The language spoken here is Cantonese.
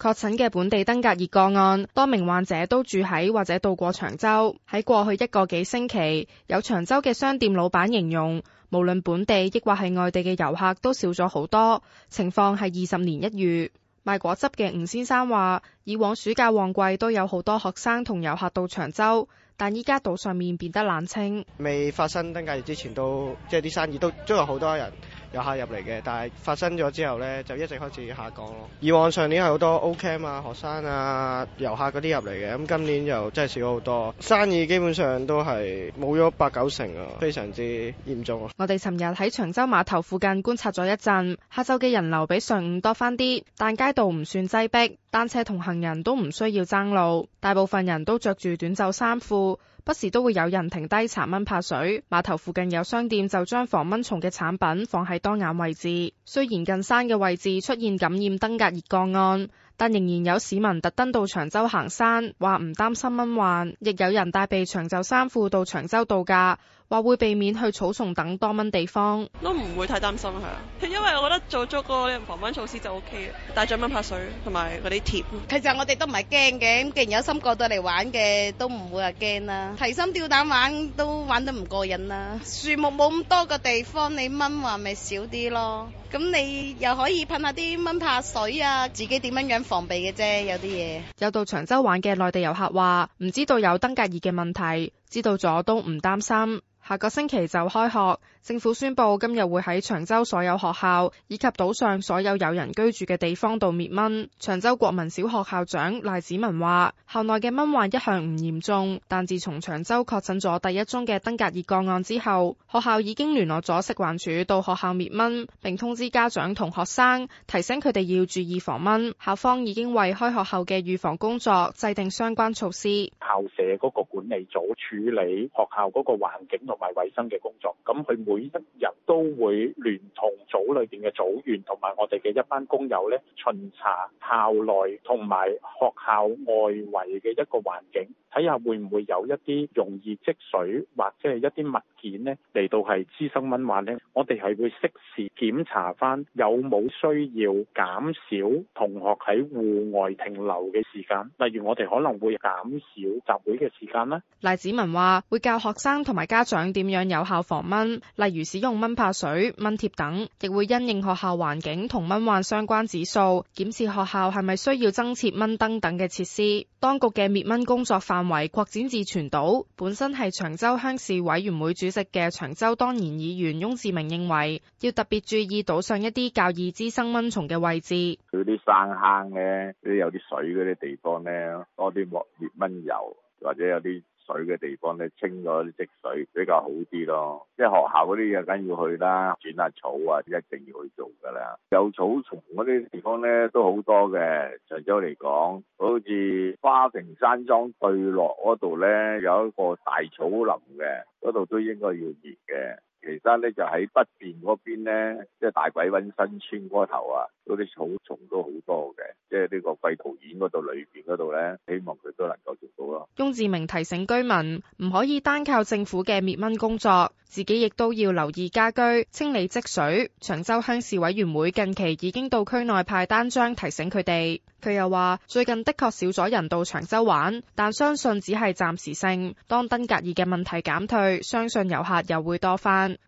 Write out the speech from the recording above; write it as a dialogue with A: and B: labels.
A: 確診嘅本地登革熱個案，多名患者都住喺或者到過長洲。喺過去一個幾星期，有長洲嘅商店老闆形容，無論本地抑或係外地嘅遊客都少咗好多，情況係二十年一遇。賣果汁嘅吳先生話，以往暑假旺季都有好多學生同遊客到長洲，但依家島上面變得冷清。未發生登革熱之前都即係啲生意都都有好多人，遊客入嚟嘅，但係發生咗之後呢，就一直開始下降咯。以往上年係好多 OKM 啊、學生啊、遊客嗰啲入嚟嘅，咁今年就真係少咗好多，生意基本上都係冇咗八九成啊，非常之嚴重啊。我哋尋日喺長洲碼頭附近觀察咗一陣，下晝嘅人流比上午多翻啲，但街道唔算擠逼，單車同行人都唔需要爭路，大部分人都着住短袖衫褲。不時都會有人停低搽蚊怕水，碼頭附近有商店就將防蚊蟲嘅產品放喺當眼位置。雖然近山嘅位置出現感染登革熱個案。但仍然有市民特登到長洲行山，話唔擔心蚊患，亦有人帶備長袖衫褲到長洲度假，話會避免去草叢等多蚊地方。都唔會太擔心係啊，因為我覺得做足嗰防蚊措施就 OK 啦，帶咗蚊怕水同埋嗰啲貼。其實我哋都唔係驚嘅，既然有心過到嚟玩嘅，都唔會話驚啦。提心吊膽玩都玩得唔過癮啦，樹木冇咁多嘅地方，你蚊患咪少啲咯。咁你又可以噴下啲蚊怕水啊，自己點樣樣防備嘅啫，有啲嘢。有到長洲玩嘅內地遊客話：唔知道有登革熱嘅問題，知道咗都唔擔心。下個星期就開學，政府宣布今日會喺長洲所有學校以及島上所有有人居住嘅地方度滅蚊。長洲國民小學校長賴子文話，校內嘅蚊患一向唔嚴重，但自從長洲確診咗第一宗嘅登革熱個案之後，學校已經聯絡咗食環署到學校滅蚊，並通知家長同學生，提醒佢哋要注意防蚊。校方已經為開學後嘅預防工作制定相關措施。
B: 校舍嗰個管理組處理學校嗰個環境埋衞生嘅工作，咁佢每一日都會聯同組裏邊嘅組員同埋我哋嘅一班工友咧，巡查校內同埋學校外圍嘅一個環境，睇下會唔會有一啲容易積水或者係一啲物件咧嚟到係滋生蚊患咧。我哋係會適時檢查返有冇需要減少同學喺戶外停留嘅時間，例如我哋可能會減少集會嘅時間啦。
A: 賴子文話會教學生同埋家長。點樣有效防蚊？例如使用蚊怕水、蚊貼等，亦會因應學校環境同蚊患相關指數，檢視學校係咪需要增設蚊燈等嘅設施。當局嘅滅蚊工作範圍擴展至全島。本身係長洲鄉事委員會主席嘅長洲當然議員翁志明認為，要特別注意島上一啲較易滋生蚊蟲嘅位置。
C: 佢啲山坑呢，有啲水嗰啲地方呢，多啲滅蚊油或者有啲。水嘅地方咧，清咗啲積水比較好啲咯。即係學校嗰啲梗要去啦，剪下草啊，一定要去做㗎啦。有草叢嗰啲地方咧，都好多嘅。長洲嚟講，好似花城山莊對落嗰度咧，有一個大草林嘅，嗰度都應該要滅嘅。其他咧就喺北邊嗰邊呢，即係大鬼搵新村嗰頭啊，嗰啲草叢都好多嘅，即係呢個桂陶院嗰度裏邊嗰度呢，希望佢都能夠做到咯。
A: 翁志明提醒居民唔可以單靠政府嘅滅蚊工作，自己亦都要留意家居清理積水。長洲鄉事委員會近期已經到區內派單張提醒佢哋。佢又話：最近的確少咗人到長洲玩，但相信只係暫時性。當登革熱嘅問題減退，相信遊客又會多返。